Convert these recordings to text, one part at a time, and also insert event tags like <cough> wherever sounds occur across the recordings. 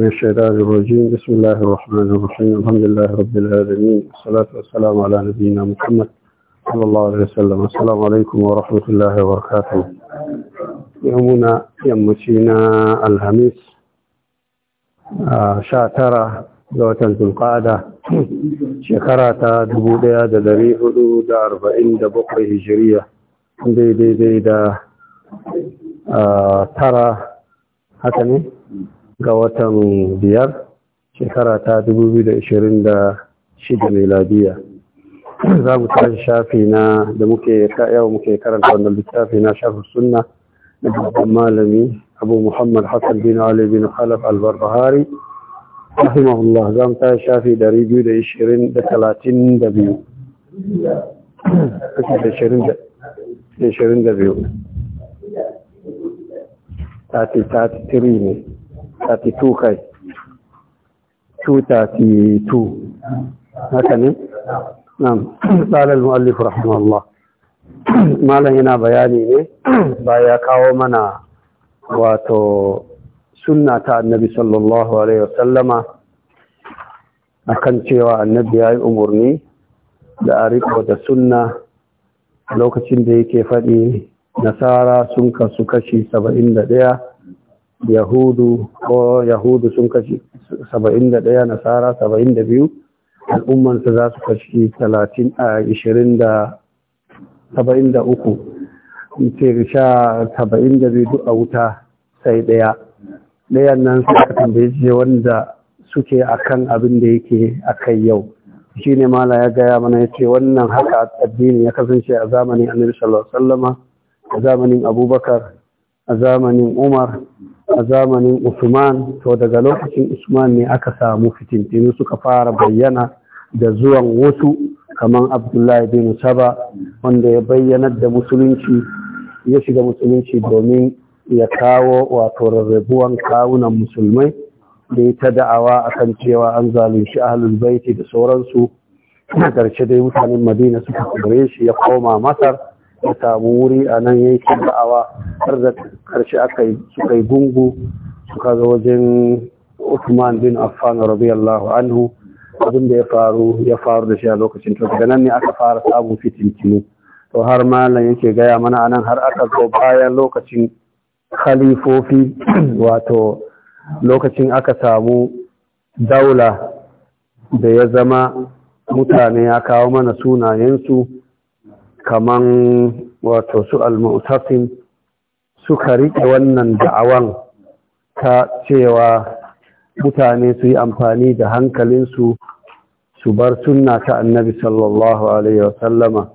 من الشيطان الرجيم بسم الله الرحمن الرحيم الحمد لله رب العالمين والصلاة والسلام على نبينا محمد صلى الله عليه وسلم السلام عليكم ورحمة الله وبركاته يومنا يمشينا الخميس آه، شاترة دوة ذو القعدة شكرة دبودة دريه دا أربعين دبقة هجرية دي دي دي دا آه، ترى هكذا ga watan biyar shekara ta 2026 meladiya <clears throat> za mu tashi shafi na da muke yau muke karanta wannan littafi na shafin sunna na babban malami abu muhammad hassan bin ali bin khalaf al-barbahari rahimahullah za mu tashi shafi 220 da 32 22 33 ne 32 kai 232 haka ne nan <clears throat> qala al-muallif rahimahullah <clears throat> malam yana bayani ne <clears throat> ba ya kawo mana wato sunna ta annabi sallallahu alaihi wasallama akan cewa annabi ya yi umarni da a riko da sunna lokacin da yake faɗi nasara sun kasu kashi saba'in yahudu ko yahudu sun kashi saba'in da ɗaya nasara saba'in da biyu al'ummansa za su kashi talatin a ishirin da saba'in da uku sha saba'in da biyu a wuta sai ɗaya ɗayan nan su suka tambaye shi wanda suke akan abin da yake a kai yau shi ne mala ya gaya mana ya ce wannan haka addini ya kasance a zamanin annabi sallallahu alaihi wasallama a zamanin abubakar a zamanin umar a zamanin Usman to daga lokacin Usman ne aka samu fitintinu suka fara bayyana da zuwan wasu kamar Abdullahi bin Saba wanda ya bayyanar da musulunci ya shiga musulunci domin ya kawo wato rarrabuwan kawunan musulmai da ya ta da'awa a kan cewa an zalunci ahlul baiti da sauransu a ƙarshe dai mutanen Madina suka kore shi ya koma Masar da samu wuri a nan yankin ba'awa har da karshe aka yi gungu suka zo wajen Usman bin Affan radiyallahu anhu abin da ya faru ya faru da shi a lokacin to daga nan ne aka fara samun fitintinu to har malam yake gaya mana anan har aka zo bayan lokacin khalifofi <clears throat> wato lokacin aka samu daula da ya zama mutane ya kawo mana sunayensu kaman wato su al-mu'tasim suka riƙe wannan da'awan ta cewa mutane su yi amfani da hankalinsu su bar sunna ta annabi sallallahu alaihi wasallama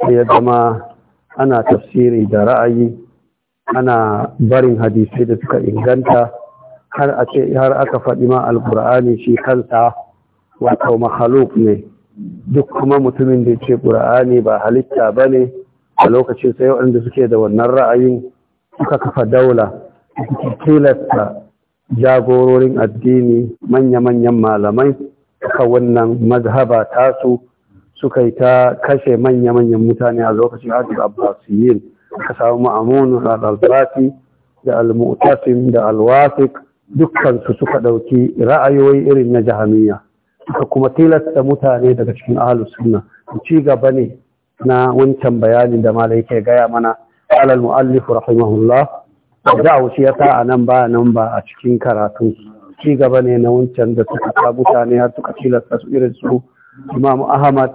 sai ya zama ana tafsiri da ra'ayi ana barin hadisai da suka inganta har aka faɗi ma al alkur'ani shi kansa wato makhaluk ne duk kuma mutumin da ya ce ƙura'ani ba halitta ba ne a lokacin sai waɗanda suke da wannan ra'ayin suka kafa daula suke tilasta jagororin addini manya-manyan malamai suka wannan mazhaba tasu suka yi ta kashe manya-manyan mutane a lokacin hajjul abbasiyin ka samu ma'amun al albati da al-mu'tasim da al-wasiq dukkan su suka ɗauki ra'ayoyi irin na jahamiya suka kuma tilasta mutane daga cikin ahlus sunna ci gaba ne na wancan bayanin da malai ke gaya mana alal mu'allif rahimahullah da wuce ya ta'a a nan ba nan ba a cikin karatu ci gaba ne na wancan da suka sa mutane har suka tilasta su irin su imam ahmad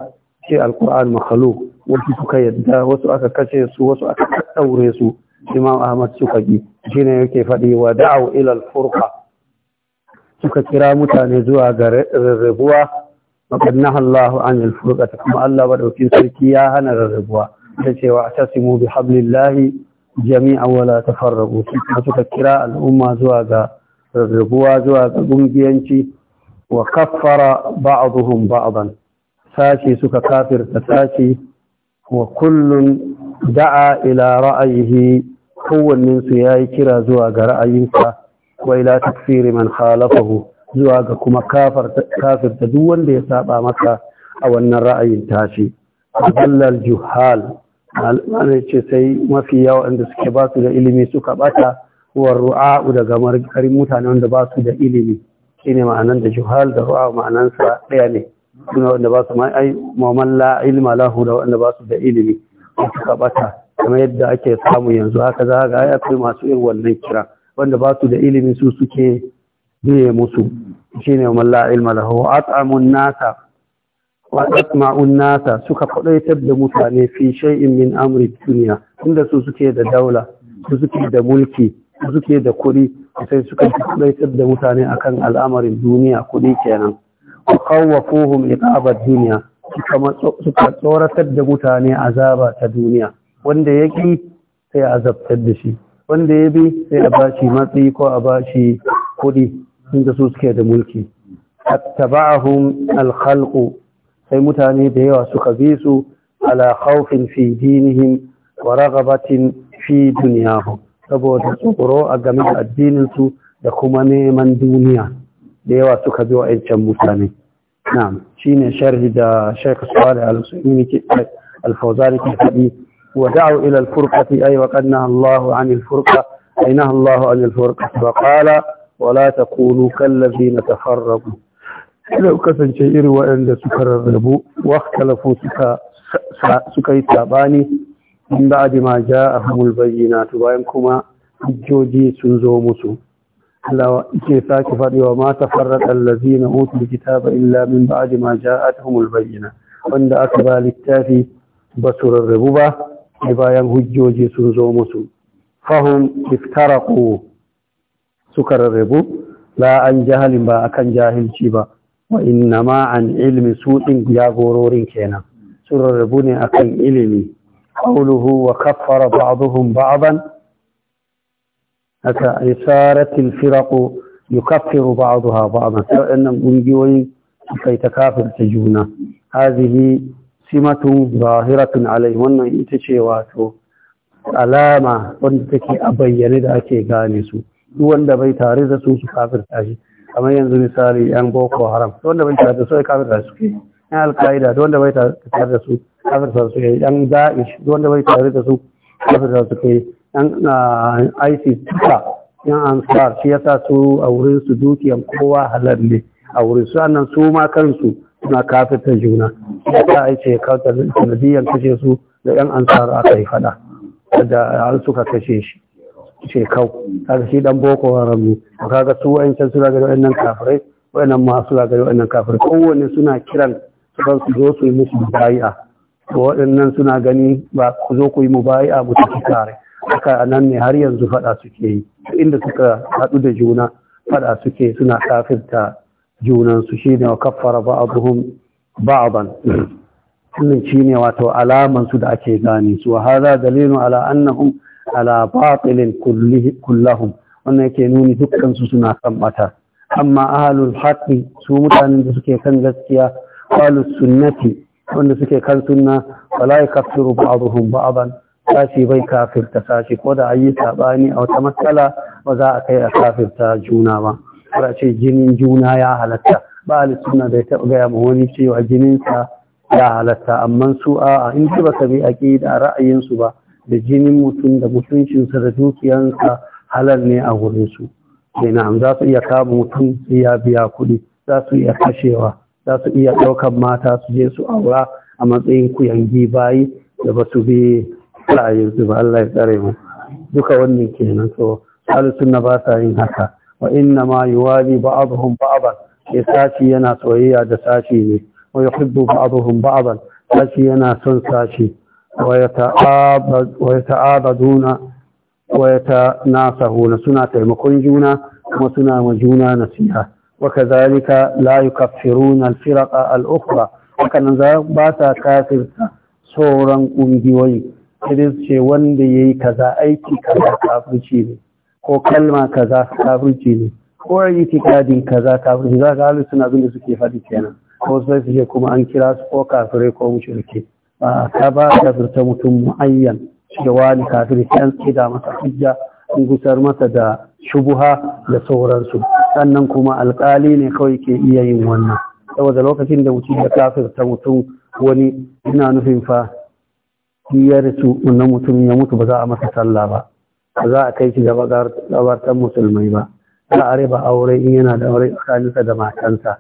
ce alquran makhalu wasu suka yadda wasu aka kace su wasu aka daure su imam ahmad suka Shi shine yake faɗi wa da'u ila al suka kira mutane zuwa ga rarrabuwa faƙad na Allahu an alfurqata kuma Allah sarki ya hana rarrabuwa da cewa tasimu bi hablillahi jami'an wala tafarraqu suka kira al'umma zuwa ga rarrabuwa zuwa ga gungiyanci wa kaffara ba'dhum ba'dan sashi suka kafirta sashi wa kullun da'a ila ra'ayihi kowannen su yayi kira zuwa ga ra'ayinsa wa ila takfiri man khalafahu zuwa ga kuma da duk wanda ya saba maka a wannan ra'ayin tashi dalal juhal al'ana ce sai mafi yawa inda suke ba su da ilimi suka bata wa ru'a'u daga margarin mutane wanda ba su da ilimi shine ma'anan da juhal da ru'a'u ma'anansa ɗaya ne suna wanda ba su mai mamalla ilma lahu da wanda ba su da ilimi suka bata kamar yadda ake samu yanzu haka za ga ya masu irin wannan kira wanda ba su da ilimi su suke biye musu shine man la ilma lahu at'amun nasa wa atma'un nasa suka kwadaitar da mutane fi shay'in min amri duniya inda su suke da daula su suke da mulki su suke da kuɗi sai suka kwadaitar da mutane akan al'amarin duniya kuɗi kenan wa khawwafuhum iqabat duniya suka tsoratar da mutane azaba ta duniya wanda yaki sai azabtar da shi wanda ya bi sai a bashi matsi ko a bashi kuɗi inda su suke da mulki attaba'ahum alkhalqu sai mutane da yawa suka bi su ala khawfin fi dinihim wa raghabatin fi dunyahum saboda tsoro a game da addinin su da kuma neman duniya da yawa suka bi wa wa'ancan mutane na'am shine sharhi da Sheikh Salih Al-Usaimi ke al ودعوا إلى الفرقة أي وقد نهى الله عن الفرقة أي نهى الله عن الفرقة فقال ولا تقولوا كالذين تفرقوا لو كسن شيء وأن سكر الربو واختلفوا سكا سكا يتاباني من بعد ما جاءهم البينات وينكما حجوجي سنزو مسو Allah ke sake faɗewa ma ta farraɗa lazina utul kitaba illa min ba'di ma ja'atuhumul bayyina wanda aka ba littafi ba su rarrabu ba sai bayan hujjoji sun zo musu fahim iftaraku suka rarrabu la an jahalin ba akan jahilci ba wa inna ma an ilmi su din jagororin kenan sun rarrabu ne akan ilimi qawluhu wa kaffara ba'dhum ba'dan haka isaratil firaqu yukaffiru ba'daha ba'dan sai annan kungiyoyi kai ta kafirta juna hadhihi simatun zahiratun alai wannan ita ce wato alama wanda take a bayyane da ake gane su duk wanda bai tare da su su kafin tashi kamar yanzu misali yan boko haram duk wanda bai tare da su kafirta su ke yan alkaida duk wanda bai tare da su kafirta su yan da'ish duk wanda bai tare da su kafirta su yan isis duka yan ansar shi yasa su a wurin su dukiyan kowa halal ne a wurin su annan su ma kansu suna kafirta juna ta aice ya kawo kashe su da yan ansar aka yi fada da an suka kashe shi shekau Ta shi dan boko haram ne kaga su wayancan suna ga wayannan kafirai wayannan ma suna ga wayannan kafirai kowanne suna kiran su kan su zo su yi musu mubai'a waɗannan suna gani ba ku zo ku yi mu bayi'a mu tafi tare haka nan ne har yanzu fada suke yi inda suka haɗu da juna fada suke suna kafirta junansu shi ne wa kaffara ba'aduhum <clears throat> wannan shi ne wato alamansu da ake gane su wa hada dalilun ala annahum ala wannan yake nuni dukkansu suna kan bata amma ahlul haɗi su mutanen da suke kan gaskiya ahlus sunnati wanda suke kan sunna wala yakfiru ba'dhum ba'aban, sashi bai kafirta sashi ko da ayi saɓani a wata matsala ba za a kai a kafirta juna ba kar ce jinin juna ya halatta ba da suna bai taɓa gaya ma wani cewa jininsa ya halatta amma su a'a in ba ka bi aqida ra'ayinsu ba da jinin mutum da mutuncinsa da dukiyansa halal ne a wurin su sai eh, na'am za su iya kama mutum su ya biya kuɗi za su iya kashewa za su iya ɗaukan mata su je su aura a matsayin kuyangi bayi da ba su bi ra'ayinsu ba Allah ya tsare mu duka wannan kenan so ahlus sunna ba sa yin haka wa inna ma yuwali ba'dhum ba'dan ya sashi yana soyayya da sashi ne wa yuhibbu ba'dhum ba'dan sashi yana son sashi wa yata'abad wa yata'abaduna nasa huna suna taimakon juna kuma suna ma juna nasiha wa ka la yukaffiruna al-firaqa al-ukhra za ba sa kafirta sauran ƙungiyoyi. sai ce wanda yayi kaza aiki kaza kafirci ne ko kalma kaza kafirci ne ko itikadin kaza kafirci za ga halin suna abinda suke faɗi kenan ko sai su kuma an kira su ko kafirai ko mushrike ba ka ba zurta mutum muayyan cewa ni kafiri sai an tsida masa hujja an gusar masa da shubuha da sauransu sannan kuma alƙali ne kawai ke iya yin wannan saboda lokacin da mutum ya kafirta mutum wani ina nufin fa ya rasu wannan mutum ya mutu ba za a masa sallah ba ba za a kai shi gaba musulmai ba za a riba aure in yana da aure tsakaninsa da matansa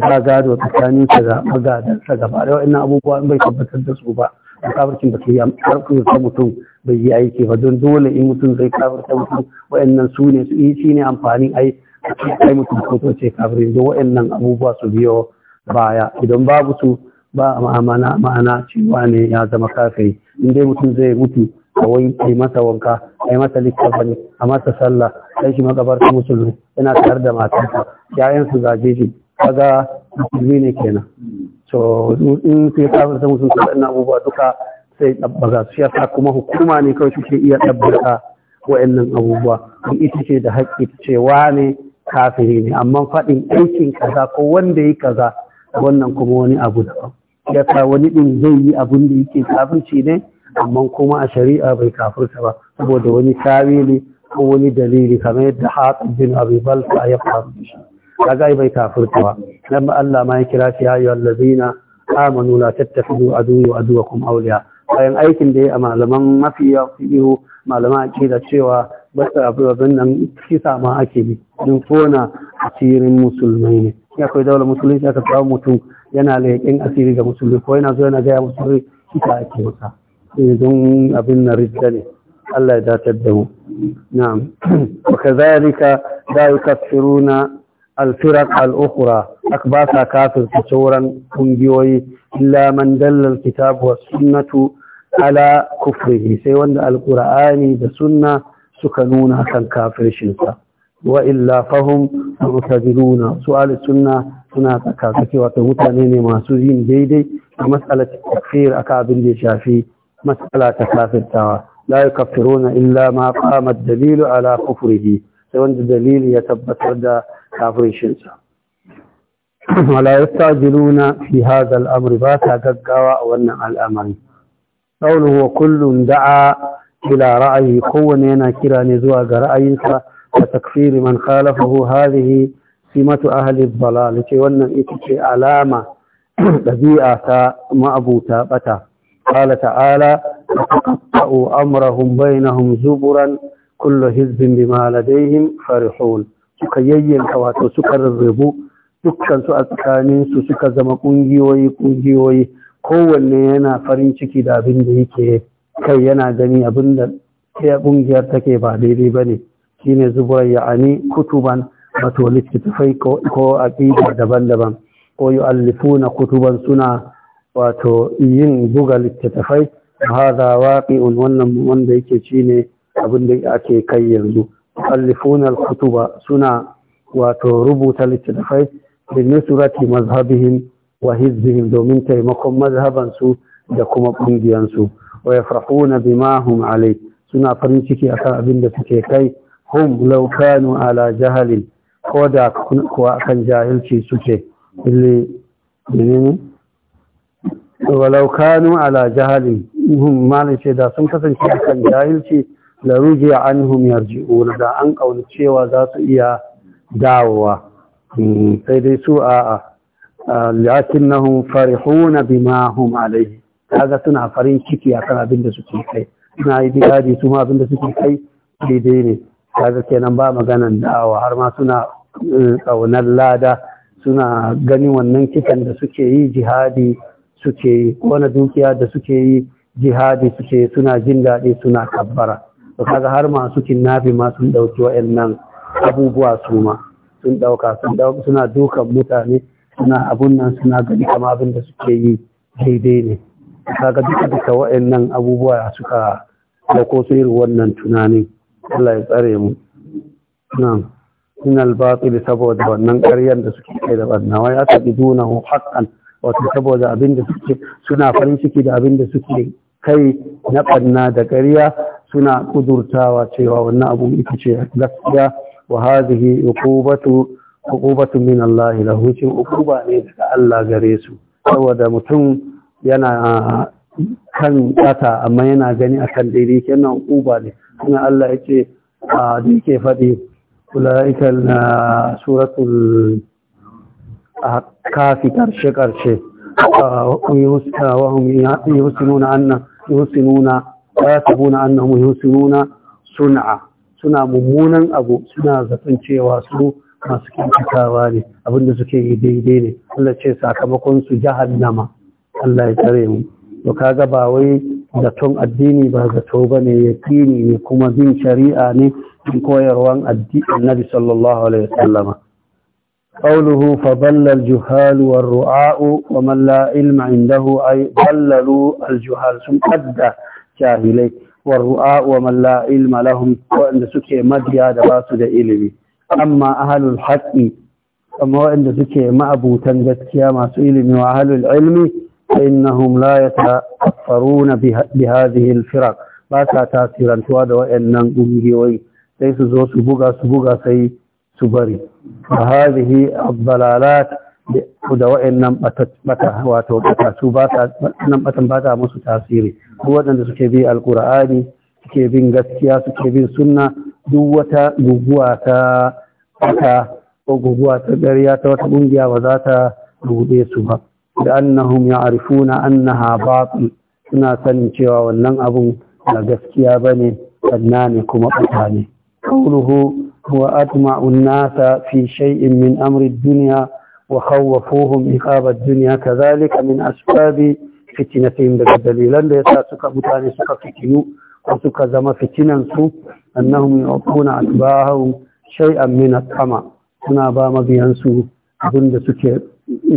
ba gado tsakaninsa da magadansa gaba da wa'annan abubuwa in bai tabbatar da su ba a kafircin ba su yi da mutum bai yi aiki ba don dole in mutum zai kafirta mutum wa'annan su ne su yi shi ne ai mutum ko to ce kafirin don wa'annan abubuwa su biyo baya idan babu su ba ma'ana ma'ana cewa ne ya zama kafiri in dai mutum zai mutu a yi kai masa wanka kai masa littafani a masa sallah kai shi makabarta musulmi yana tare da matansa yayan su gaje shi kaga musulmi ne kenan so in sai kafin sa musulmi waɗannan abubuwa duka sai ɗabbaga su yasa kuma hukuma ne kawai ke iya ɗabbaga wa'annan abubuwa in ita ce da haƙƙi ta ce wane kafiri ne amma faɗin aikin kaza ko wanda yi kaza wannan kuma wani abu daban yasa wani ɗin zai yi abun da yake kafirci ne amma kuma a shari'a bai kafirta ba saboda wani tawili ko wani dalili kamar yadda hatim bin abi balta ya faru da shi kaga bai kafirta ba dan Allah ma ya kira shi ayu allazina amanu la tattakhidu aduwwa wa kuma awliya bayan aikin da ya a malaman mafiya fiqhu malaman da cewa basta abin nan kisa ma ake bi don tona asirin musulmai ne ya akwai daular musulunci aka samu mutum yana leƙin asiri ga musulmi ko yana zo yana gaya musulmi kisa ake masa Eh, don abin na rijja ne Allah ya datar da mu na'am <clears throat> wa kazalika da na alfirak al'ukura aka ba sa kafin su sauran ƙungiyoyi illa man dallar kitabu wa sunnatu ala kufrihi sai wanda alkur'ani da sunna suka nuna kan kafirshinsa wa illa fahim mu'taziluna su sunna suna tsaka wata mutane ne masu yin daidai a matsalar tafsir aka abin da ya shafi matsala ta kafirtawa la yukaffiruna illa ma qama dalilu ala kufrihi sai wanda dalili ya tabbatar da kafirin sa wala yastajiluna fi hadha al-amr ba ta gaggawa a wannan al'amari qawluhu kullum da'a ila ra'ayi kowane yana kira ne zuwa ga ra'ayinsa Ka takfiri man khalafahu hadhihi simatu ahli balalu. ce wannan ita ce alama ɗabi'a ta ma'abuta bata قال تعالى وتقطعوا أمرهم بينهم زبرا كل حزب بما لديهم فرحون suka yayyanka wato suka rarrabu dukkan su a tsakanin su suka zama kungiyoyi kungiyoyi kowanne yana farin ciki da abin da yake kai yana gani abin da ya kungiyar take ba daidai bane shine zubar ya'ani kutuban wato littattafai ko aqida daban-daban ko yu'allifuna kutuban suna wato yin buga littattafai hada waƙi wannan wanda yake ne abin da ake kai yanzu alifuna kutuba suna wato rubuta littattafai bin nusrati mazhabihin wa hizbihim domin taimakon mazhabansu da kuma kungiyan su wa yafrahuna bima hum alai suna farin ciki akan abin da suke kai hum laukanu ala jahalin ko da kuwa akan jahilci suke ne ne walau kanu ala jahalin ihun malin ce da sun kasance a kan jahilci da a an hum yarji'una da an kauli cewa za su iya dawowa hmm, sai dai su a a lakin na hun farihuna bima hum alaihi kaga suna farin ciki akan abin da suke kai suna yi bidadi su ma abin da suke kai daidai ne kaga kenan ba maganan dawa. har ma suna tsaunar eh, lada suna ganin wannan kitan da suke yi jihadi suke yi wani dukiya da suke yi jihadi suke suna jin daɗi suna kabbara to kaga har masu kinnafi ma sun ɗauki wa'annan abubuwa su ma sun ɗauka suna dukan mutane suna abun nan suna gani kama abin da suke yi daidai ne kaga duka duka wa'annan abubuwa suka dauko su irin wannan tunanin Allah ya tsare mu na'am min al saboda wannan ƙaryar da suke kai da barna wai aka dunahu haqqan wato saboda abin da suke suna farin ciki da abin da suke kai na ɓanna da ƙarya suna kudurtawa cewa wannan abu ita ce gaskiya wa hadhihi uqubatu uqubatu min Allah lahu cin uquba ne daga Allah gare su saboda mutum yana kan kata amma yana gani akan daidai kenan uquba ne kuma Allah yace a yake faɗi na suratul a kafi karshe karshe wa sun'a mummunan abu suna zaton cewa su masu kyautatawa ne abinda suke yi daidai ne Allah ce sakamakon su jahannama Allah ya tare mu to kaga ba wai zaton addini ba zato bane yaqini ne kuma bin shari'a ne bin koyarwan addini Annabi sallallahu alaihi wasallama قوله فضل الجهال والرعاء ومن لا علم عنده أي ضللوا الجهال ثم أدى جاهلي والرعاء ومن لا علم لهم وإن سكي مديا دباس دئلمي أما أهل الحق أما وإن سكي مأبوتا جتكيا ما سئلمي وأهل العلم فإنهم لا يتأثرون بهذه الفرق باسا تاثيرا تواد وإن ننقوه وي ليس زو سبوغا سبوغا سي سبري فهذه الضلالات da wa'annan bata wato bata su ba ta nan batan ba ta tasiri duk waɗanda suke bi alƙur'ani suke bin gaskiya suke bin sunna duk wata guguwa ta bata ko guguwa ta ƙarya ta wata ƙungiya ba za ta rude su ba da annahum ya'rifuna annaha batil suna sanin cewa wannan abun na gaskiya bane sanna kuma bata ne qawluhu وأطمع الناس في شيء من أمر الدنيا وخوفوهم إخاب الدنيا كذلك من أسباب فتنتهم بالدليل أن يتاسك متانسك فتنو وسك زم فتننسو أنهم يعطون أتباعهم شيئا من الطمع suna ba mabiyansu abin da suke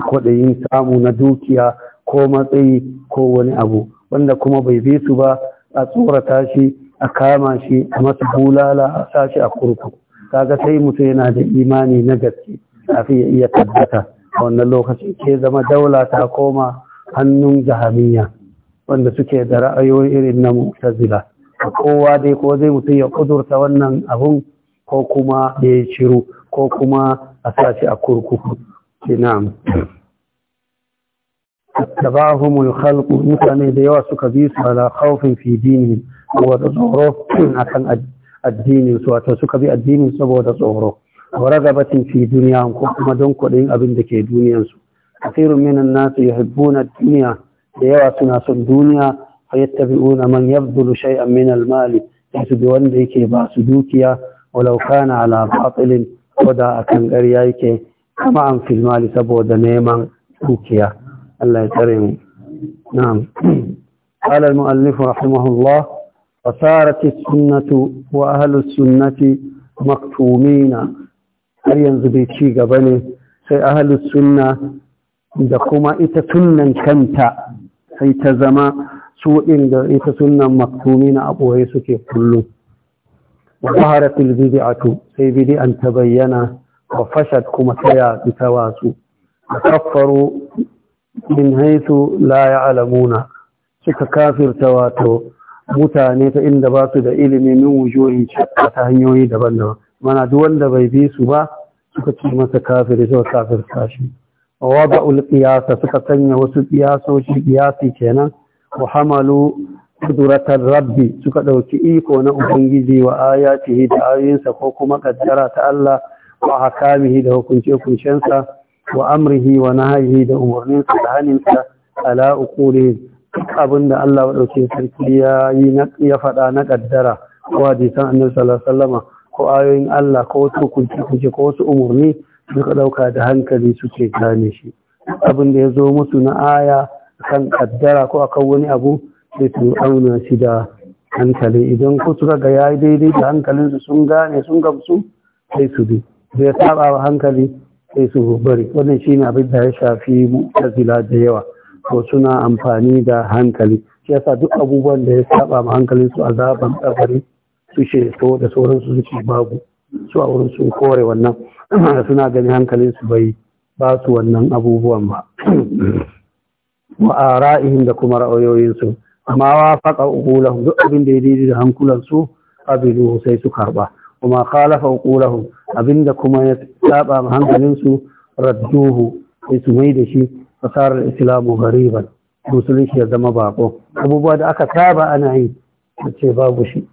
kwaɗayin samu na dukiya ko matsayi ko wani abu wanda kuma bai bi su ba a tsorata shi a kama shi a masa bulala a sashi a kurkuku kaga sai mutum yana da imani na gaske kafin ya iya tabbata a wannan lokacin ke zama daula ta koma hannun jahamiya wanda suke da ra'ayoyi irin na mutazila kowa dai ko zai mutum ya kudurta wannan abun ko kuma ya yi shiru ko kuma a sa a kurkuku na'am tabahumul khalqu mutane da yawa suka bi su ala khawfin fi dinihim wa tsoro akan addini addinin su wato suka bi addinin saboda tsoro wara ragabatin fi duniya ko kuma don kuɗin abin da ke duniyansu kafirun minan nasu yuhibbuna duniya da yawa suna son duniya fa yattabi'una man yabdulu shay'an min al-mali su bi wanda yake ba su dukiya walau kana ala batilin ko da akan ƙarya yake kama an fil mali saboda neman dukiya Allah ya tsare mu na'am قال المؤلف رحمه الله fasarat sunnatu wa ahlus sunnati maktumina har yanzu bai ci gaba ne sai ahlus sunna da kuma ita sunnan kanta sai ta zama su din da ita sunnan maktumina a boye suke kullum wa zaharatil bid'atu sai bid'an ta bayyana wa fashat kuma ta wasu. ta watsu kaffaru min haythu la ya'lamuna suka kafirta wato mutane ta inda ba su da ilimi min wujohi ta hanyoyi daban-daban mana duk wanda bai bi su ba suka ci masa kafiri suka kafir kashi wa wada'ul qiyasa suka sanya wasu qiyasoshi qiyasi kenan wa hamalu rabbi suka dauki iko na ubangiji wa ayatihi da ayoyinsa ko kuma kaddara ta Allah wa hakamihi da hukunce hukuncensa wa amrihi wa nahyihi da umarninsa da haninsa ala uqulihim abin da Allah ɗauke sarki ya yi ya faɗa na ƙaddara ko hadisan annabi sallallahu alaihi ko ayoyin Allah ko wasu hukunci kuke ko wasu umarni suka ɗauka da hankali suke gane shi abin da ya zo musu na aya kan ƙaddara ko akan wani abu sai su auna shi da hankali idan ku suka ga yayi daidai da hankalinsu sun gane sun gamsu sai su bi bai saba hankali sai su bari wannan shine abin da ya shafi mu da yawa ko suna amfani da hankali shi yasa duk abubuwan da ya saba ma hankalin su azaban kabari su to da sauransu su ce babu su a wurin sun kore wannan <clears throat> suna gani hankalin su bai ba su wannan abubuwan ba <clears throat> wa ara'ihim da kuma ra'ayoyin su amma wa faqa uqulahum duk abin da ya daidai da hankulan su sai su karba kuma khalafa uqulahum abinda kuma ya saba ma hankalin su radduhu sai su mai da shi fasarar islamu gariban musulunci ya zama bako abubuwa da aka saba ana yi da ce babu shi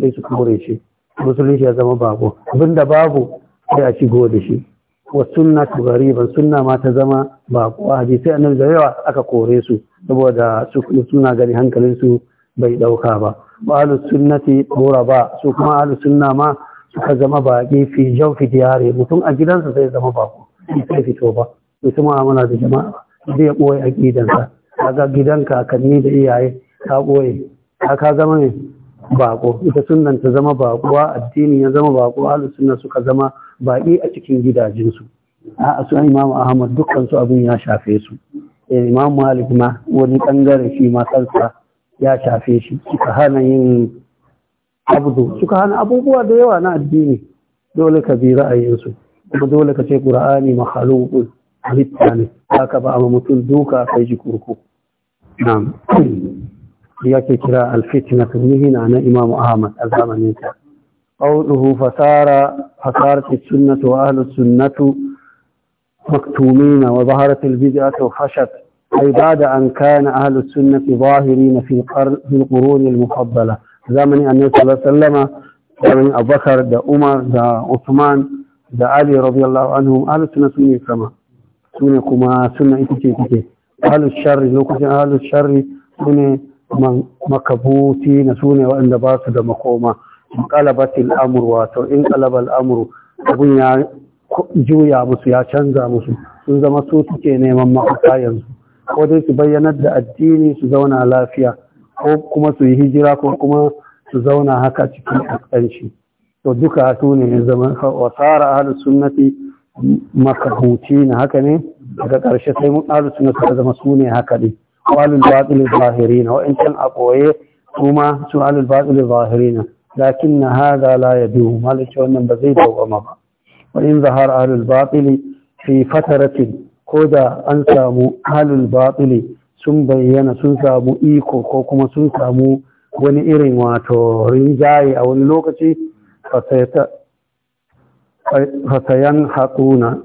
sai su kure shi musulunci ya zama bako abinda babu sai a shigo da shi wa sunna tu gariban sunna ma ta zama bako a hadisi annabi da yawa aka kore su saboda suna gani hankalin su bai dauka ba wa ahlus sunnati ba su kuma ahlus sunna ma suka zama baƙi fi jawfi diyare mutum a gidansa sai zama bako sai fito ba ya ci da jama'a zai ya a aƙidansa kaga gidan kakanni da iyaye ta ɓoye ka zama ne bako ita sunan ta zama bakuwa addini ya zama bako ahlus sunna suka zama baƙi a cikin gidajensu a su imam ahmad dukkan su abin ya shafe su eh, imam malik ma wani bangare shi ma kansa ya shafe shi suka hana yin abdu suka hana abubuwa da yawa na addini dole ka bi ra'ayinsu kuma dole ka ce qur'ani makhluqun halitta ne haka ba a mutum duka kai ji kurku ya ke kira alfitna tun yi na imam ahmad a zamanin ta qawluhu fasara fasarat sunnatu wa ahlus sunnatu maktumina wa zaharat al bid'atu fashat ay ba'da an kana ahlus sunnati zahirin fi al qurun al mufaddala zamani annabi sallallahu alaihi wasallama zamani abubakar da umar da usman da ali radiyallahu anhum ahlus sunnati kama sune kuma suna ita ce kike halus sharri lokacin halus sharri sune makabuti na sune waɗanda ba su da makoma qalabatil amur wato in qalabal al'amur abun ya juya musu ya canza musu sun zama su suke neman mafaka yanzu ko dai su bayyanar da addini su zauna lafiya ko kuma su yi hijira ko kuma su zauna haka cikin kaskanci to duka su ne zama wasara ahlus sunnati makahuci na haka ne daga ƙarshe sai mun ƙaru suna suka zama su ne haka ne walul batil zahiri na wa'ancan a ɓoye kuma su walul batil zahiri na lakin na hada la ya biyu wannan ba zai dawama ba wa in zahar alul batil fi fataratin ko da an samu halin batil sun bayyana sun samu iko ko kuma sun samu wani irin wato rinjaye a wani lokaci ta. fasayan haƙuna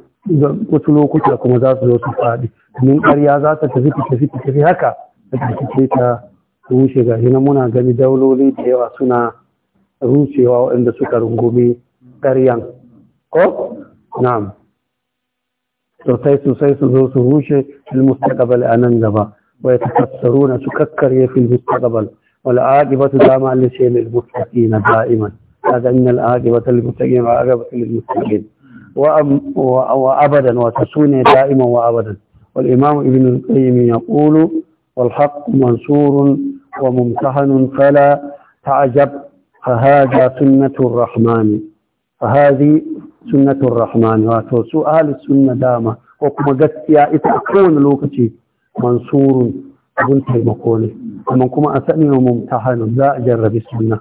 wasu lokuta kuma za su zo su faɗi min ƙarya za ta tafi tafi tafi haka da tafi ta rushe ga hina muna gani dauloli da yawa suna rushewa waɗanda suka rungume ƙaryan ko na'am sosai sosai su zo su rushe fil mustaqbal a nan gaba wa yatakassaru na su kakkarye fil mustaqbal wal aqibatu dama lil na da'iman هذا إن الآجبة للمتقين والآجبة للمتقين وأبدا وتسون دائما وأبدا والإمام ابن القيم يقول والحق منصور وممتحن فلا تعجب فهذا سنة الرحمن فهذه سنة الرحمن وتوسو أهل السنة داما وكما قسيا إتقون لوكتي منصور أبن تيمقوني ومن كما أسأني وممتحن لا أجرب السنة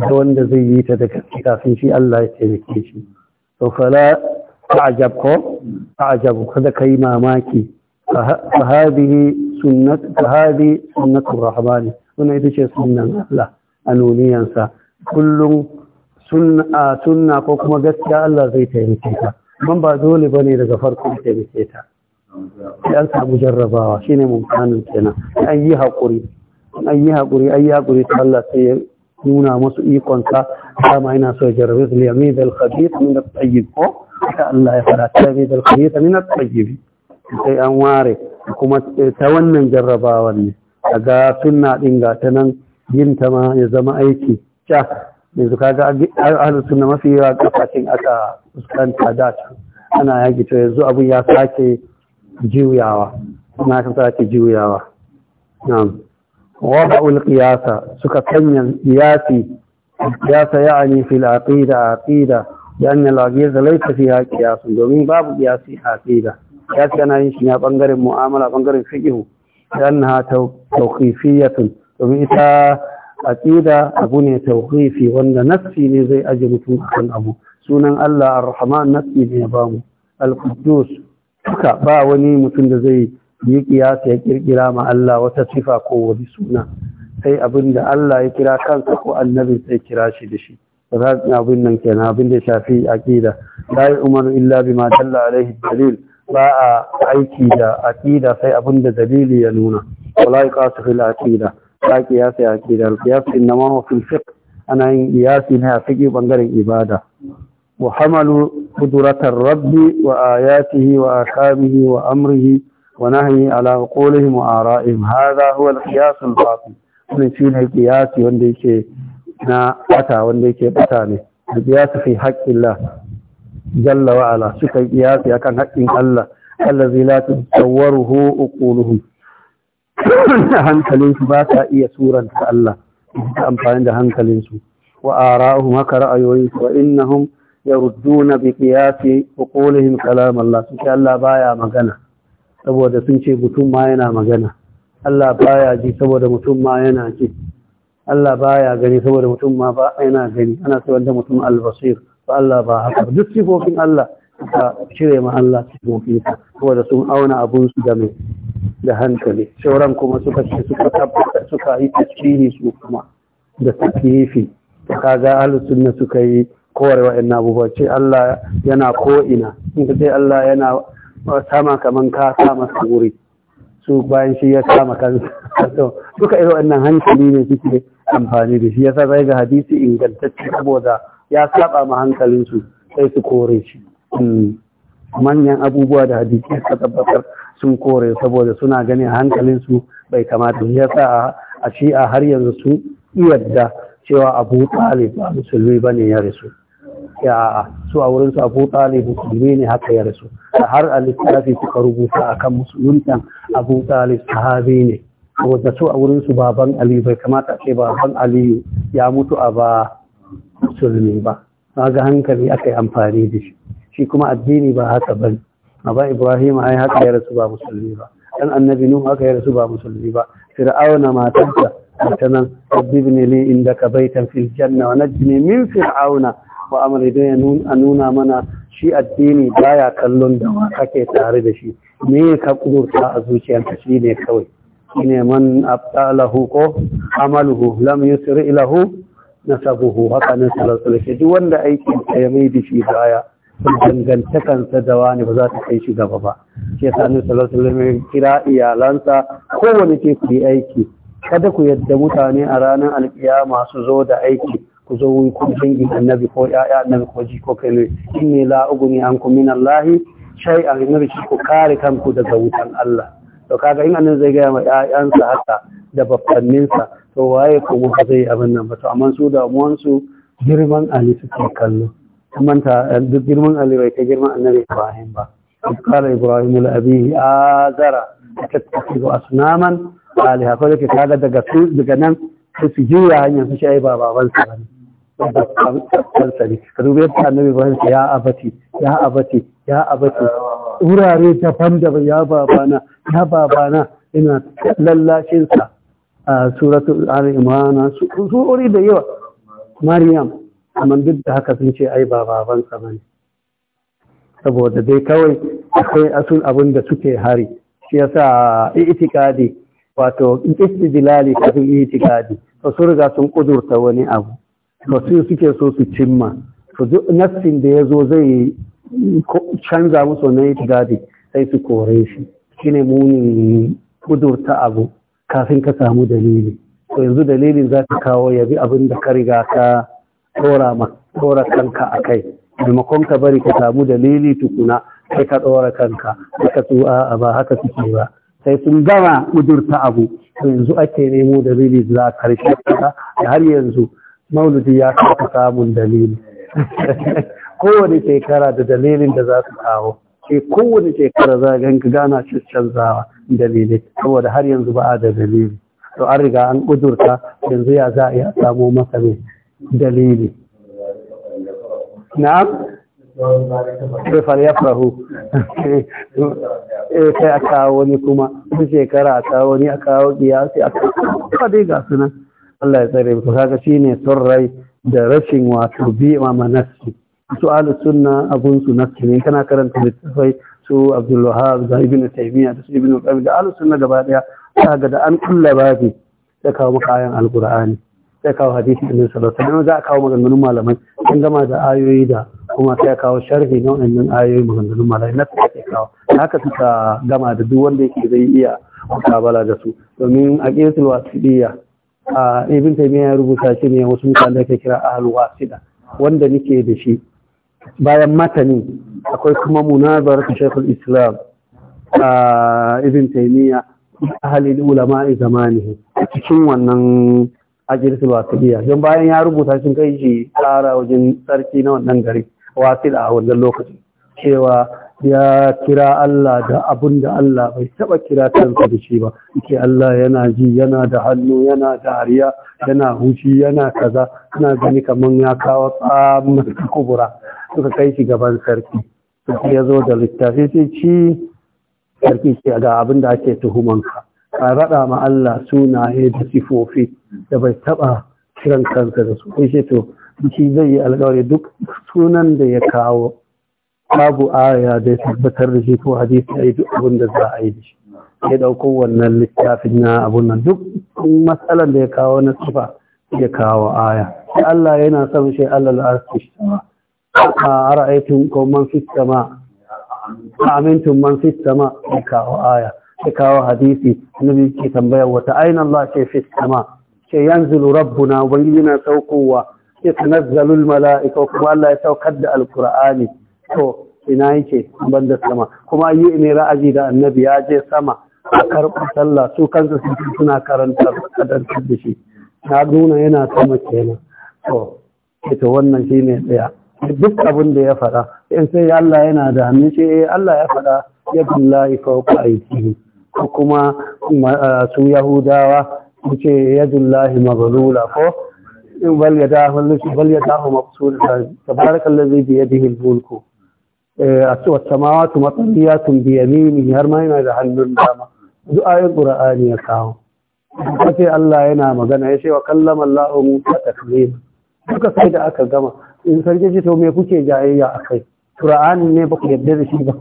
da wanda zai yi ta da gaske kafin shi Allah ya taimake shi to fala ta'jab ko ta'jab kada kai mamaki fa hadhihi sunnat fa hadhi sunnatur rahman wannan ita ce sunnan Allah anuniyan sa kullum sunna sunna ko kuma gaskiya Allah zai taimake ka man ba dole bane daga farko taimake ta sai an samu jarrabawa shine mumkanin kenan an yi hakuri an yi hakuri an yi hakuri ta Allah sai nuna musu ikonsa dama yana so jarabe su mai da alkhabith min at-tayyib ko ta Allah ya fara ta mai da alkhabith min at-tayyib sai an ware kuma ta wannan jarrabawan ne kaga sunna din ga ta nan yin ta ma ya zama aiki ja yanzu kaga ahlus sunna mafi yawa kafacin aka fuskanta da ana yaki to yanzu abu ya sake juyawa na ka sake juyawa na'am wada ulƙiyasa suka sanyan yasi yasa ya ne fi laƙida a ƙida da an yi laƙiyar da laifin fi haƙiya sun domin babu yasi a ƙida ya fi yana yin shi ne a ɓangaren mu'amala bangaren fiƙihu da an ha tauƙifiyatun domin ita a ƙida abu ne tauƙifi wanda nassi ne zai aje mutum a kan abu sunan allah ar-rahman nassi ne ya bamu al-qudus duka ba wani mutum da zai yi. yi kiyasa ya kirkira ma Allah wata sifa ko wani suna sai abin da Allah ya kira kansa ko annabin sai kira shi da shi ba za abin nan kenan abin da shafi aqida la yu'minu illa ma dalla alaihi dalil ba a aiki da aƙida sai abin da dalili ya nuna wala yuqasu fil aqida ba kiyasa ya aqida al qiyas innama huwa fil fiqh ana yin kiyasi ne a fiqh bangaren ibada wa hamalu rabbi wa ayatihi wa akamihi wa amrihi ونهي على قولهم وآرائهم هذا هو القياس الباطل wannan shi ne kiyasi wanda na bata wanda yake bata ne da kiyasi fi haƙƙillah jalla wa ala suka kiyasi akan haƙƙin Allah allazi la tasawwaruhu uquluhum hankalin su ba ta iya suranta Allah ta amfani da hankalin su wa ara'uhum haka ra'ayoyin su wa innahum yarudduna Allah baya magana saboda sun ce mutum ma yana magana Allah baya ji saboda mutum ma yana ji Allah baya gani saboda mutum ma ba yana gani ana sai wanda mutum al-basir ba Allah ba haka duk sifofin Allah ka cire ma Allah sifofin sa saboda sun auna abun su da mai da hankali sauran kuma suka ce suka tabbata suka yi tasbihi su kuma da Ka kaga ahlus sunna suka yi kowar wa'annan abubuwa ce Allah yana ko ina in ka ce Allah yana sama kaman ka sama su wuri su bayan shi ya sama kansa <laughs> duka irin wannan hankali ne suke amfani da shi yasa zai ga hadisi ingantacce saboda ya saba ma hankalinsu sai su kore shi hmm. manyan abubuwa da hadisi ya tabbatar sun kore saboda suna ganin hankalinsu bai kamata ya sa a shi'a har yanzu sun yadda cewa abu talib ba musulmi ba ne ya rasu su a wurin su abu talib musulmi ne haka ya rasu har a littafi suka rubuta kan musuluntan abu talib sahabi ne saboda su a wurin su baban ali bai kamata ce baban ali ya mutu a ba musulmi ba ga hankali aka yi amfani da shi shi kuma addini ba haka ba ne ba ibrahim ai haka ya rasu ba musulmi ba dan annabi nuhu haka ya rasu ba musulmi ba fir'auna matarsa ta nan rabbibni li indaka baitan fil janna wa najjini min fir'auna wa amri don a nuna mana shi addini baya kallon da wa kake tare da shi me ka kudurta a zuciyarka shi ne kawai shine man abtalahu ko amaluhu lam yusri ilahu nasabuhu haka nan sallallahu alaihi duk wanda aiki sa ya mai shi baya dangantakansa da wani ba za ta kai shi gaba ba ke yasa annabi sallallahu kira iyalansa kowane ke ku yi aiki kada ku yadda mutane a ranar alkiyama masu zo da aiki ku zo wuri annabi ko ya'ya annabi ko ko kai ne inni la uguni ankum min allahi an nabi shi ku kare kanku daga wutan Allah to kaga in annabi zai ga ya'yan ya'yansa haka da sa to waye kuma mu zai abin nan ba to amma su wansu girman ali suke kallo manta eh, duk girman ali bai ta girman annabi ibrahim ba qala ibrahim li abihi azara tattakhidhu asnaman alaha ko da kaga daga daga nan su juya hanyar su shi ai babansa ne. kalsari ka dubi yadda annabi ibrahim ya abati ya abati ya abati wurare daban-daban ya babana ya babana ina lallashin sa a suratu al-imran surori da yawa maryam amma duk da haka sun ce ai ba baban sa bane saboda dai kawai akwai asul abin da suke hari shi yasa itikadi wato dilali kafin itikadi to sun riga sun kudurta wani abu to suke so su cimma to duk nassin da ya zo zai canza musu na itigadi sai su kore shi shine muni kudurta abu kafin ka samu dalili to yanzu dalilin za ka kawo bi abin da ka riga ka ɗora kanka a kai maimakon ka bari ka samu dalili tukuna sai ka ɗora kanka ka su a ba haka suke ba sai sun gama kudurta abu to yanzu ake nemo dalili za a karshe da har yanzu maulidi ya kafa samun dalili kowane shekara da dalilin da za su kawo ce kowane shekara za a ganka gana shi canzawa dalilai saboda har yanzu ba a da dalili to an riga an kudurta yanzu ya za a iya samo masa mai dalili na rufar ya E eh, kai a kawo ni kuma su shekara a kawo ni a kawo kiyasi a kawo dai ga sunan Allah ya tsare ku kaga shine son da rashin wato ma manassi su ahlu sunna abun su nasu ne kana karanta littafai su Abdul Wahhab da Ibn Taymiyyah da Ibn Qayyim da ahlu sunna gaba daya kaga da an kulla babi sai kawo kayan alqur'ani sai kawo hadisi da sallallahu alaihi za a kawo maganganun malamai kin gama da ayoyi da kuma sai kawo sharhi na wannan ayoyi maganganun malamai na sai kawo haka suka gama da duk wanda yake zai iya mukabala da su domin aqidatul wasiliya a ibn ya rubuta shi ne wasu mutane da ke kira ahlul sida wanda nake da shi bayan matani akwai kuma munazar shekul islam a ibn taymiya ahlul ulama zamani cikin wannan ba su biya don bayan ya rubuta shi kai shi tsara wajen sarki na wannan gari da a wannan lokacin cewa ya kira Allah da abun da Allah bai taba kira kansa da shi ba yake Allah yana ji yana da hannu yana da hariya yana hushi yana kaza ina gani kamar ya kawo tsamar kubura suka kai shi gaban sarki sarki ya zo da littafi sai ci sarki ce ga abin da ake tuhumanka ka raɗa ma Allah sunaye da sifofi da bai taba kiran kansa da su Sai to shi zai yi alƙawari duk sunan da ya kawo babu aya da ya tabbatar da shi ko hadisi a yi duk abin da za a yi da shi ya ɗauko wannan littafin na abun nan duk matsalar da ya kawo na sufa ya kawo aya Allah yana son shi Allah al'arfi a ra'aitun ko man sama a amintun man sama ya kawo aya ya kawo hadisi nabi ke tambayar wata aina Allah ce fi sama ce yanzu rabbuna ubangiji na saukowa ya tanazzalul mala'ika kuma Allah ya saukar da alkur'ani to ina yake ban da sama kuma yi ne ra'ayi da annabi ya je sama a karɓar sallah su kansu suna karanta kadantar da shi na nuna yana sama kenan to ita wannan shi ne ɗaya duk abin da ya faɗa in sai Allah yana da hannun shi eh Allah ya faɗa ya billahi fawqa aydihi ko kuma su yahudawa su ce yadullahi mabalula ko in bal yadahu bal yadahu mabsuda tabarakallazi bi yadihi al-mulku Eh, a ce wata mawa tu har ma yana da hannun dama du'ayin ƙura'ani ya kawo kace Allah yana magana ya ce wa kallama Allah Musa taklima duka sai da aka gama in sarki ji to me kuke jayayya akai Qur'ani ne ba ku yarda da shi ba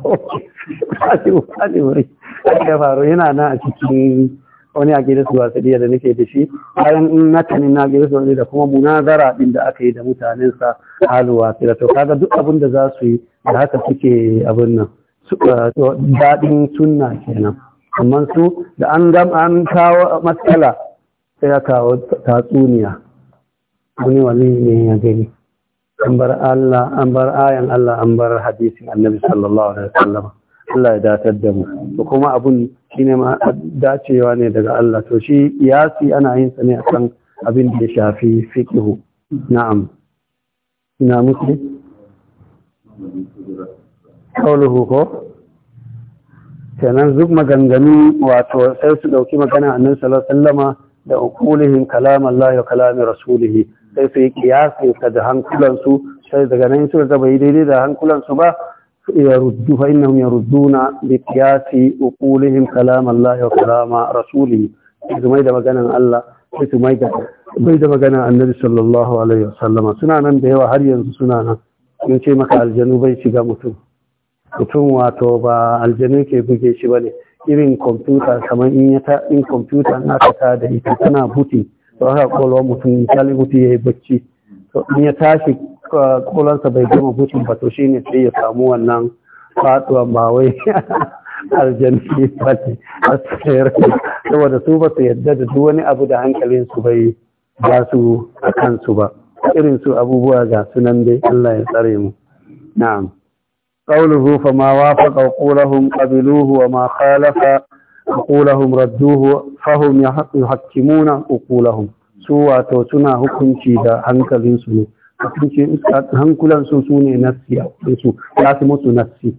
kace wani wuri ya faru yana nan a cikin wani a gidan su wasiliya da nake da shi bayan in na tani na gidan su da kuma munazara din da aka yi da mutanen sa halu wasila to kaga duk abin da za su yi da haka suke abin nan eh, daɗin sunna kenan amma su da an gam an kawo matsala sai ya kawo tatsuniya wani wani ne ya gani an bar ayan Allah an bar hadisin annabi sallallahu alaihi wasallam Allah ya datar da mu to kuma abun shine ma dacewa ne daga Allah to shi ana yin sa ne akan abin da ya shafi fiqh na'am ina muslim kauluhu ko kenan zuk maganganu wato sai su dauki magana annabi sallallahu alaihi wasallama da uqulihim kalam Allah wa kalam rasulih sai su yi kiyasi ta da hankulansu sai daga nan su da yi daidai da hankulansu ba yaruddu fa innahum yarudduna bi kiyasi uqulihim kalam Allah wa kalam rasulih su mai da maganan Allah sai su mai da mai da maganan annabi sallallahu alaihi wasallama suna nan da yawa har yanzu suna nan in ce maka aljanu bai shiga mutum mutum wato ba aljanu ke buge shi ba ne irin kwamfuta kamar in ya in kwamfuta na aka da ita tana buti to haka kwalwa mutum misali buti ya yi bacci to in ya tashi kwalwansa bai gama butin ba to shine sai ya samu wannan faduwan ba wai <laughs> aljanni ba a tsayar saboda su ba su yadda da duk wani abu da hankalinsu bai ba su a kansu ba. irin su abubuwa ga sunan dai Allah ya tsare mu na'am qawluhu fa ma wafaqa qawluhum qabiluhu wa ma khalafa qawluhum radduhu fa hum yuhakkimuna qawluhum su wato suna hukunci da hankalin su ne hukunci hankulan su sune nafsi a su ya su musu nafsi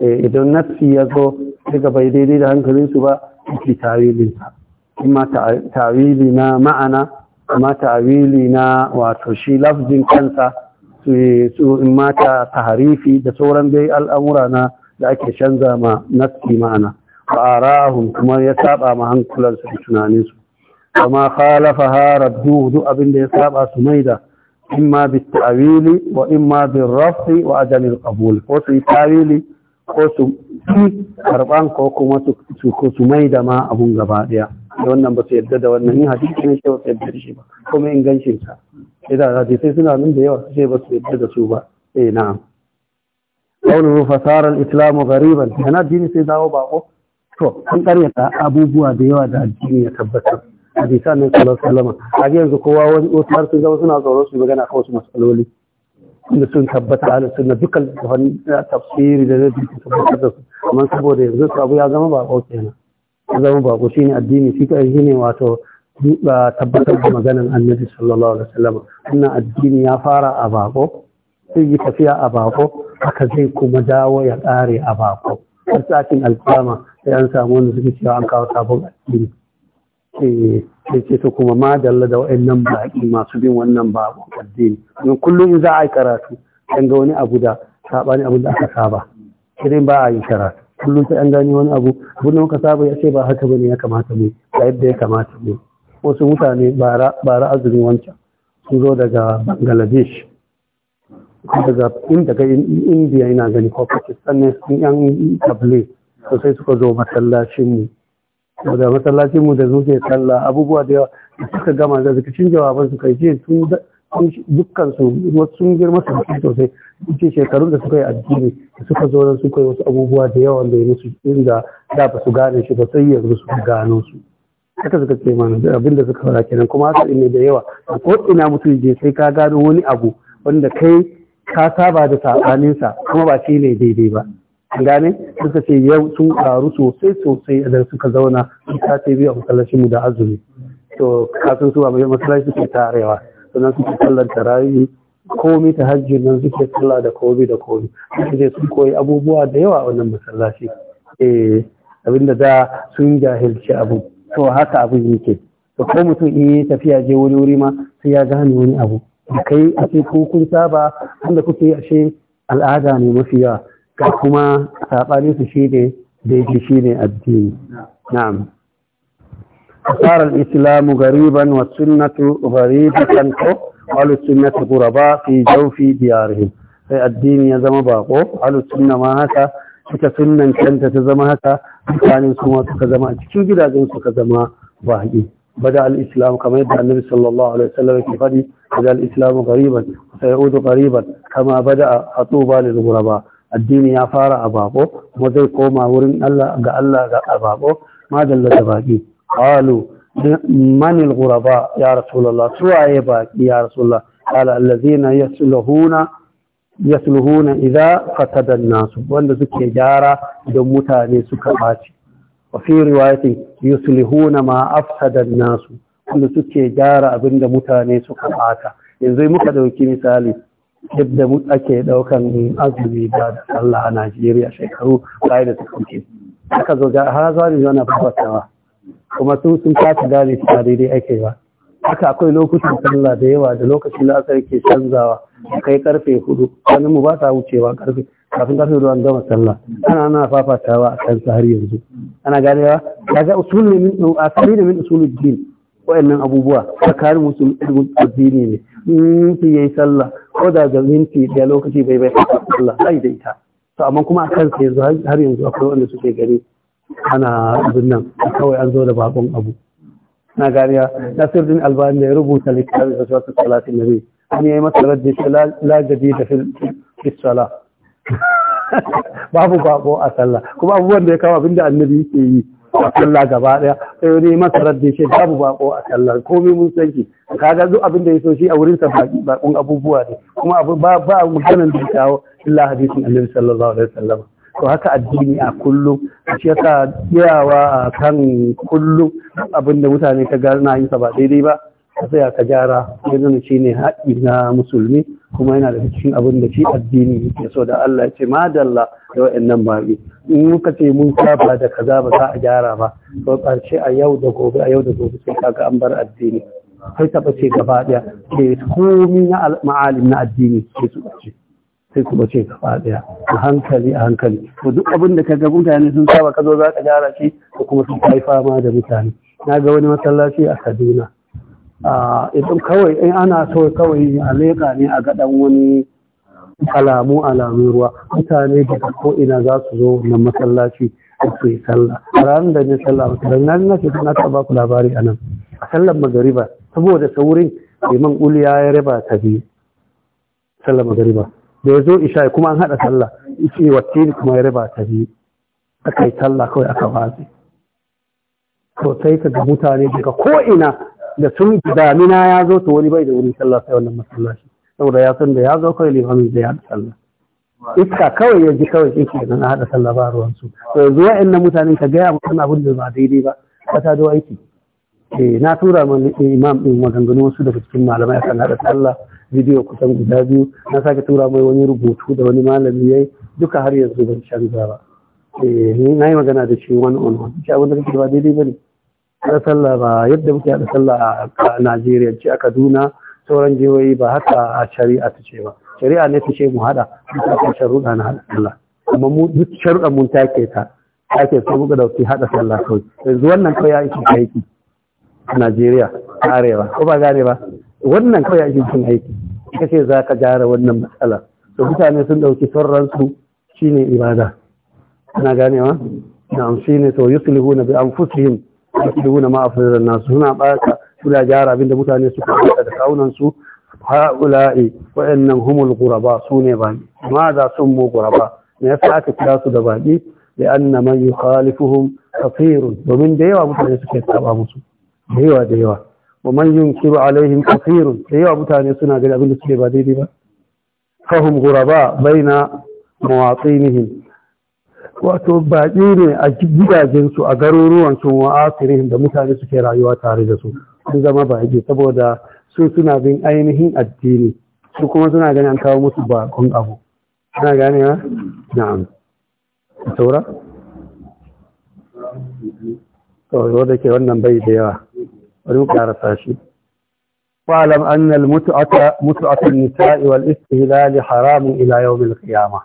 eh, idan nafsi ya zo daga bai daidai da hankalin su ba ki tawilinsa imma tawili na ma'ana amma na wato shi lafzin kansa su in mata taharifi da sauran dai al'amura na da ake canza ma naski ma'ana fa'arahum kuma ya saba ma hankulansu da tunaninsu amma khalafaha radduhu du abin da ya saba su maida imma bi ta'wili wa imma bi rafi wa ajami al-qabul ko su ta'wili ko su karban ko kuma su su maida ma abun gaba daya da wannan ba su yadda da wannan ni hadisi ne cewa su yadda da shi ba kuma ingancin sa idan hadisai suna nan da yawa sai ba su yadda da su ba eh na'am qawluhu fasara al-islam ghariban yana dini sai dawo bako to an karyata abubuwa da yawa da addini ya tabbatar hadisan nan sallallahu alaihi wasallam a yanzu kowa wani wasu har sun zama suna tsoro su magana kan su matsaloli da sun tabbata a sunna dukkan tafsiri da zai tabbatar da su amma saboda yanzu abu ya zama ba kenan zama bako shi ne addini shi kai shi ne wato tabbatar da maganin annabi sallallahu alaihi wasallam wannan addini ya fara a bako sai yi tafiya a bako haka zai kuma dawo ya ƙare a bako har tsakin alkama sai an samu wani suke cewa an kawo sabon addini eh, sai ce kuma ma dalla da wa'annan baƙi masu bin wannan baƙon addini don kullum za a yi karatu kan ga wani abu da saɓani abin da aka saba shirin ba a yi karatu kullum sai an gani wani abu abin da muka saba ya ce ba haka bane ya kamata mu ga yadda ya kamata mu wasu mutane bara azumin wancan sun zo daga bangladesh daga inda ga indiya yana gani ko pakistan ne sun yan table sosai suka zo masallacinmu da mu da zuke sallah abubuwa da yawa suka gama da rikicin cin jawaban suka yi tun dukkan wasu girma su cikin sosai ce shekarun da suka yi addini da suka zo nan suka yi wasu abubuwa da yawa da ya musu inda da ba su gane shi ba sai yanzu su gano su haka suka ce mana abin da suka fara kenan kuma haka ne da yawa a ko ina mutum je sai ka gano wani abu wanda kai ka saba da sabaninsa kuma ba shi ne daidai ba gane suka ce yau sun karu sosai sosai idan suka zauna sun ta ce biyu a masallacin mu da azumi to kasan su a masallacin ta tarewa sannan suke kallon tarayi komi ta hajji nan suke kalla da komi da komi suke je sun koyi abubuwa da yawa a wannan masallaci eh abinda da sun jahilci abu to haka abu yake to ko mutum in yi tafiya je wani wuri ma sai ya gane wani abu kai a ce ko kun saba wanda kuke ce al'ada ne mafi yawa ga kuma saɓanin su shi ne daidai shi ne addini na'am صار الإسلام غريبا والسنة غريبة أهل السنة غرباء في جوف ديارهم sai addini ya zama bako ahlus sunna ma haka sunnan ta zama haka mutanen kuma suka zama a cikin gidajen suka zama baƙi, bada al-islam kamar yadda annabi sallallahu alaihi wasallam yake fadi bada al-islam qariban sayudu qariban kama bada hatuba lil ghuraba addini ya fara a bako kuma zai koma wurin ga Allah a bako ma dalla qalu man al-ghuraba ya rasulullah suwaye baki ya rasulullah qala allazina yasluhuna yasluhuna idza fatada an-nas wanda suke gyara idan mutane suka baci wa fi riwayatin ma afsada an-nas wanda suke gyara abinda mutane suka bata yanzu muka ɗauki misali yadda ake ɗaukan azumi da sallah a Najeriya shekaru bayan da suka wuce aka zo ga har kuma su sun kasa gane shi daidai ake ba haka akwai lokutan sallah da yawa da lokacin la'asar ke canzawa kai karfe hudu wani mu ba ta wucewa karfe kafin karfe hudu an gama sallah ana ana fafatawa a kan har yanzu ana ba. kaga usul ne min asali da min usulul din wa'annan abubuwa tsakanin musulmi addini ne in su yi sallah ko da ga minti da lokaci bai bai sallah ai da ita to amma kuma a kan sai har yanzu akwai wanda suke gani ana abin nan kawai an zo da bakon abu na ganiya nasiruddin albani da ya rubuta littafin da wasu salatin nabi an yi masa rajin shi lagadi da fisala <laughs> babu babu a sallah kuma abubuwan da ya kawo abin da annabi yake yi a sallah gaba daya sai wani masa rajin shi babu baƙo a sallah komai mun san shi kaga duk abin da ya so shi a wurin sa bakon abubuwa ne kuma ba a maganan da ya kawo illa hadisin annabi sallallahu alaihi wasallam to haka addini a kullum shi yasa tsayawa a kan kullum abinda mutane ka gana na sa ba daidai ba ka tsaya ka gyara ya shi ne haƙi na musulmi kuma yana da cikin abin da shi addini ya so da Allah ya ce madalla da wa'annan ba in muka ce mun saba da kaza ba sa a gyara ba to ƙarshe a yau da gobe a yau da gobe sai kaga an bar addini sai taɓa ce gaba ɗaya ke komi na ma'alim na addini sai su sai kuma ce ka daya a hankali a hankali to duk abin da ga mutane sun saba ka zo za ka gyara shi ko kuma sun kai fama da mutane na ga wani masallaci a Kaduna a idan kawai in ana so kawai a leƙa ne a ga dan wani alamu alamun ruwa mutane daga ko ina za su zo na masallaci su sallah a ranar da ne sallah a na nuna ce na taɓa ku labari a nan a sallar magariba saboda saurin liman uliya ya raba ta biyu sallar magariba da ya zo isha kuma an haɗa sallah ishe wacce kuma ya riba ta biyu aka yi sallah kawai aka watsi to sai ka ga mutane daga ko'ina da sun damina ya zo to wani bai da wurin sallah sai wannan masallaci saboda ya san da ya zo kawai limamin zai haɗa sallah iska kawai ya ji kawai shi na haɗa sallah ba ruwansu to yanzu na mutanen ka gaya mutum abin da ba daidai ba ka ta zo aiki Eh, na tura man eh, imam din maganganu wasu daga cikin malamai akan haɗa sallah bidiyo kusan guda biyu na sake tura mai wani rubutu da wani malami yayi duka har yanzu ban canza ba eh na yi magana da shi wani on one shi abin da kake ba daidai bane sallah ba yadda muke hada sallah a Najeriya ce a Kaduna sauran jihohi ba haka a shari'a ta ce ba shari'a ne ta ce mu hada ta kan sharuɗa na haɗa sallah amma mu duk sharuɗan mun take ta take so muka dauki hada sallah kawai yanzu wannan kawai ya shi aiki a Najeriya a arewa ko ba gane ba wannan kawai ake cin aiki kace za ka gyara wannan matsala to mutane sun dauki sarransu shine ibada ana ganewa na'am shine to yuslihuna bi anfusihim yuslihuna ma afsara nasu suna baka suna gyara abinda mutane suka yi da kaunan su ha'ula'i wa'annan humul ghuraba sune ba ma da sun mu ghuraba me yasa aka kira su da baki لأن من kafirun domin yawa yawa mutane suke أبا musu. da yawa da yawa wa man yunkiru alaihim kathirun da yawa mutane suna gani abin da suke ba daidai ba fahum ghuraba baina mawatinihim wato baƙi ne a gidajensu a garuruwansu wa asirihim da mutane suke rayuwa tare da su sun zama baƙi saboda su suna bin ainihin addini su kuma suna gani an kawo musu bakon abu suna gani na'am saura to da ke wannan bai da yawa wani mu karasa shi واعلم nisa iwal متعة النساء haramun ila yau يوم القيامة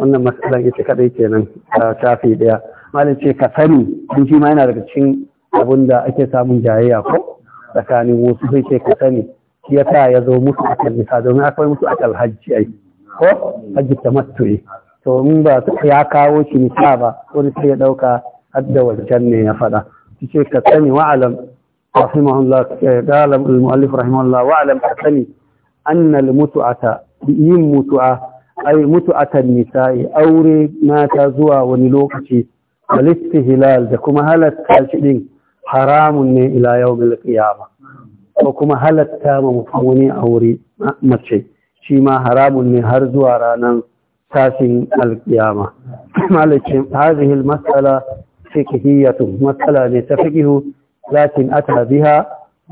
wannan masalan ita kadai kenan ta shafi daya malin ce ka sani in shi ma yana daga cikin abin da ake samun jayayya ko tsakanin wasu sai ce ka sani shi sa ya zo musu a nisa domin akwai musu a hajji ai ko hajji ta matu'i to in ba ya kawo shi nisa ba wani sai ya ɗauka, hadda wancan ne ya faɗa yace ka sani wa'alam rahimahullah qalam al-muallif rahimahullah wa'alam ka sani anna al-mutu'ata yin mutu'a ay mutu'atan nisa'i aure mata zuwa wani lokaci wal da kuma halatta shi din haramun ne ila yawmil qiyamah ko kuma halatta ma mutum wani aure mace shi ma haramun ne har zuwa ranar tashin alkiyama malakin matsala fiqhiyatu matsala ne ta fikihu lakin ata biha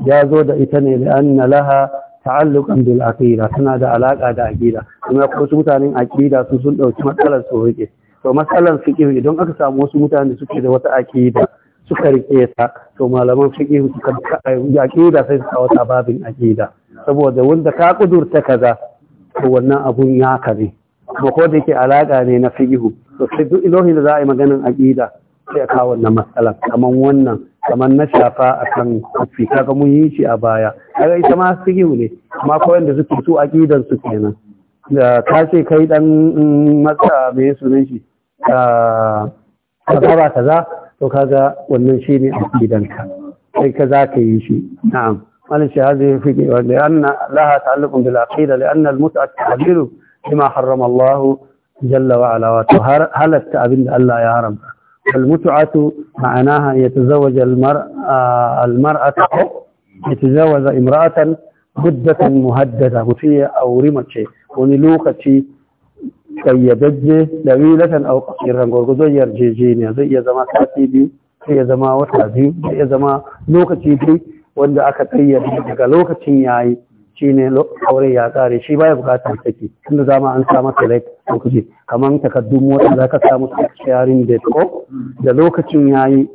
yazo da ita ne lanna laha ta'alluqan bil aƙida tana da alaka da aƙida kuma ko su mutanen aƙida su sun ɗauki matsalar su rike to matsalar fiqhi idan aka samu wasu mutane da suke da wata aƙida suka rike ta to malaman fiqhi suka da sai su kawo tababin aƙida saboda wanda ka kudurta kaza to wannan abun ya kare ko ko da yake alaka ne na fikihu to sai duk ilohi da za a yi maganin aƙida. sai a kawo wannan matsala kamar wannan kamar na shafa a kan kufi kaga mun yi shi a baya kaga ita ma sigiu ne kuma ko wanda suke su aqidan su kenan da ka ce kai dan mm, matsa me sunan shi ka saba kaza to kaga wannan a aqidan ka sai ka za ka yi shi na'am malam shi hazi wa laha ta'alluqun bil aqida li anna al mut'a ta'biru bima harrama Allah jalla wa ala wa halatta abinda Allah ya haramta المتعة معناها يتزوج المرأة, المرأة يتزوج امرأة مدة مهددة وفية أو رمتشي ونلوكتي kayyadajje dawilatan aw qasiran gurgudo yarjejeniya zai iya zama sati biyu zai iya zama wata biyu zai iya zama lokaci biyu wanda aka kayyade daga lokacin yayi shi ne auren ya kare shi baya bukatar saki tunda zama an sa masa rai an kuje kamar takardun mota za ka samu sharing da ko da lokacin yayi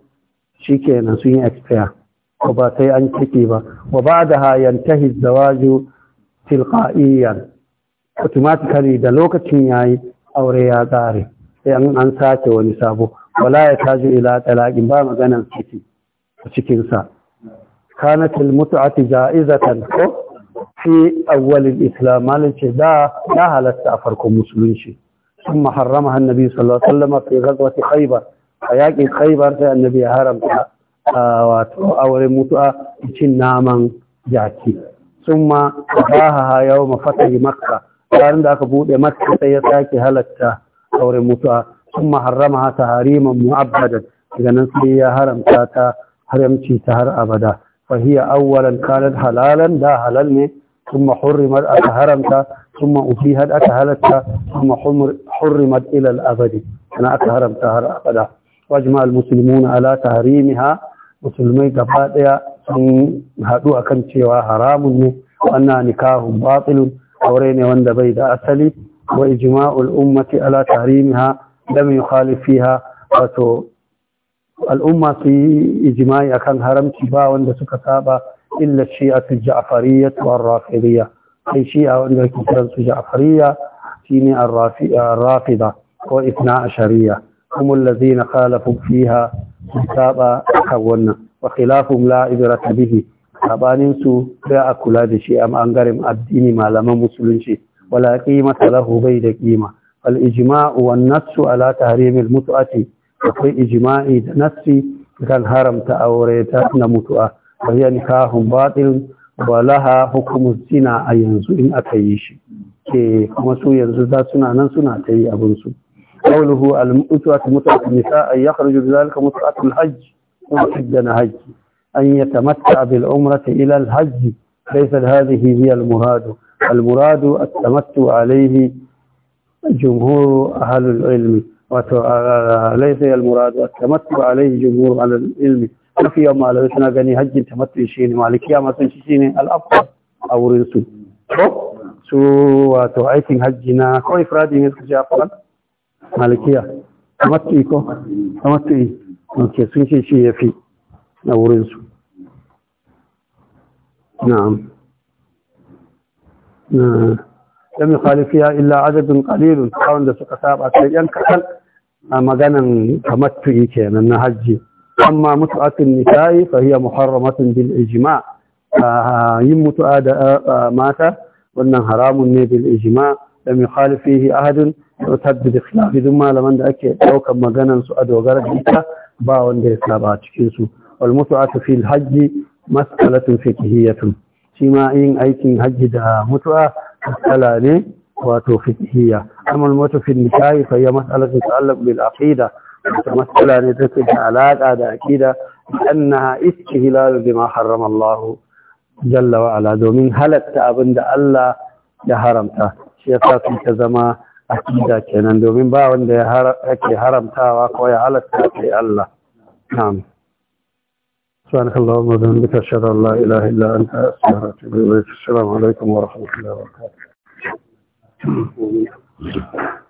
shikenan sun yi expire ko ba sai an saki ba wa ha yantahi zawaju tilqa'iyan automatically da lokacin yayi aure ya kare sai an sace wani sabo wala ya taju ila talaqin ba maganan saki cikin sa kanatil mut'ati ja'izatan ko fi awwalil islam malin ce da ya halatta a farkon musulunci sun maharrama annabi sallallahu alaihi wasallam fi ghazwati khaybar a yakin khaybar sai annabi ya haramta wato auren mutu'a cin naman jaki sun ma baha yau mafatari makka tsarin da aka bude makka sai ya sake halatta auren mutu'a sun maharrama ta hariman mu'abbadan daga nan sai ya haramta ta haramci ta har abada فهي أولا كانت حلالا لا حلال ne ثم حرمت أتهرمت ثم أبيهت أتهلت ثم حرمت إلى الأبد أنا أتهرمت هر أبدا واجمع المسلمون على تهريمها musulmai gaba ɗaya sun haɗu a kan cewa haramun ne wannan nikahun batilun aure ne wanda bai da asali wa ijma'ul ummati ala tahrimiha lam yukhalif fiha al'umma su yi ijimai akan haramci ba wanda suka saba illa shi'atu ja'fariyya wa rafidiyya sai shi'a wanda ke kiran su ja'fariyya shine ar-rafida ko ithna ashariyya هم الذين خالفوا su saba akan wannan wa khilafum la ibrata bihi sabanin su sai a kula da shi a bangaren addini malaman musulunci wala qimata lahu bai da qima al ijma'u wan nass ala tahrimil al mut'ati وفي إجماع نفسي كان هرم تأوريت نموتوا وهي نكاح باطل ولها حكم الزنا أينزو إن أتيش كي كما سو ينزو ذا سنة ننسو نعتي أبنسو قوله المؤتوة متوأة النساء أن يخرج بذلك متوأة الحج وحج نهج أن يتمتع بالعمرة إلى الحج ليس هذه هي المراد المراد التمتع عليه جمهور أهل العلم وليس آه، آه، آه، المراد والتمتع عليه جمهور على العلم في يوم ما لسنا بني حج تمتع شيني مالك يا مسن شيني الافضل او رسول سو واتو ايتين كوي فرادي مسك جابان مالكيا تمتع كو تمتع اوكي سن شي في او رسول نعم نعم لم يخالف فيها الا عدد قليل قاوند سقطاب اكثر ينكسل a maganan tamattu'i kenan na hajji amma mutu'atun nisa'i fa hiya muharramatun bil ijma yin mutu'a da mata wannan haramun ne bil ijma da mi khalifihi ahadun tabbi da khilafi duk malaman da ake daukan maganan su a dogara da ita ba wanda ya saba cikin su wal mutu'atu fil hajji mas'alatun fiqhiyyatun shi ma yin aikin hajji da mutu'a matsala ne واتو فقهية أما الموت في النكاية فهي مسألة تتعلق بالعقيدة مسألة نتكلم على هذا أكيدة لأنها استهلال بما حرم الله جل وعلا دو من هلت تأبند الله يحرمتا شيطات كزما أكيدة كان دو من باوند يحرمتا واقوى يحلت تأبند الله نعم سبحانك اللهم وبحمدك اشهد ان لا اله الا انت استغفرك السلام عليكم ورحمه الله وبركاته 我。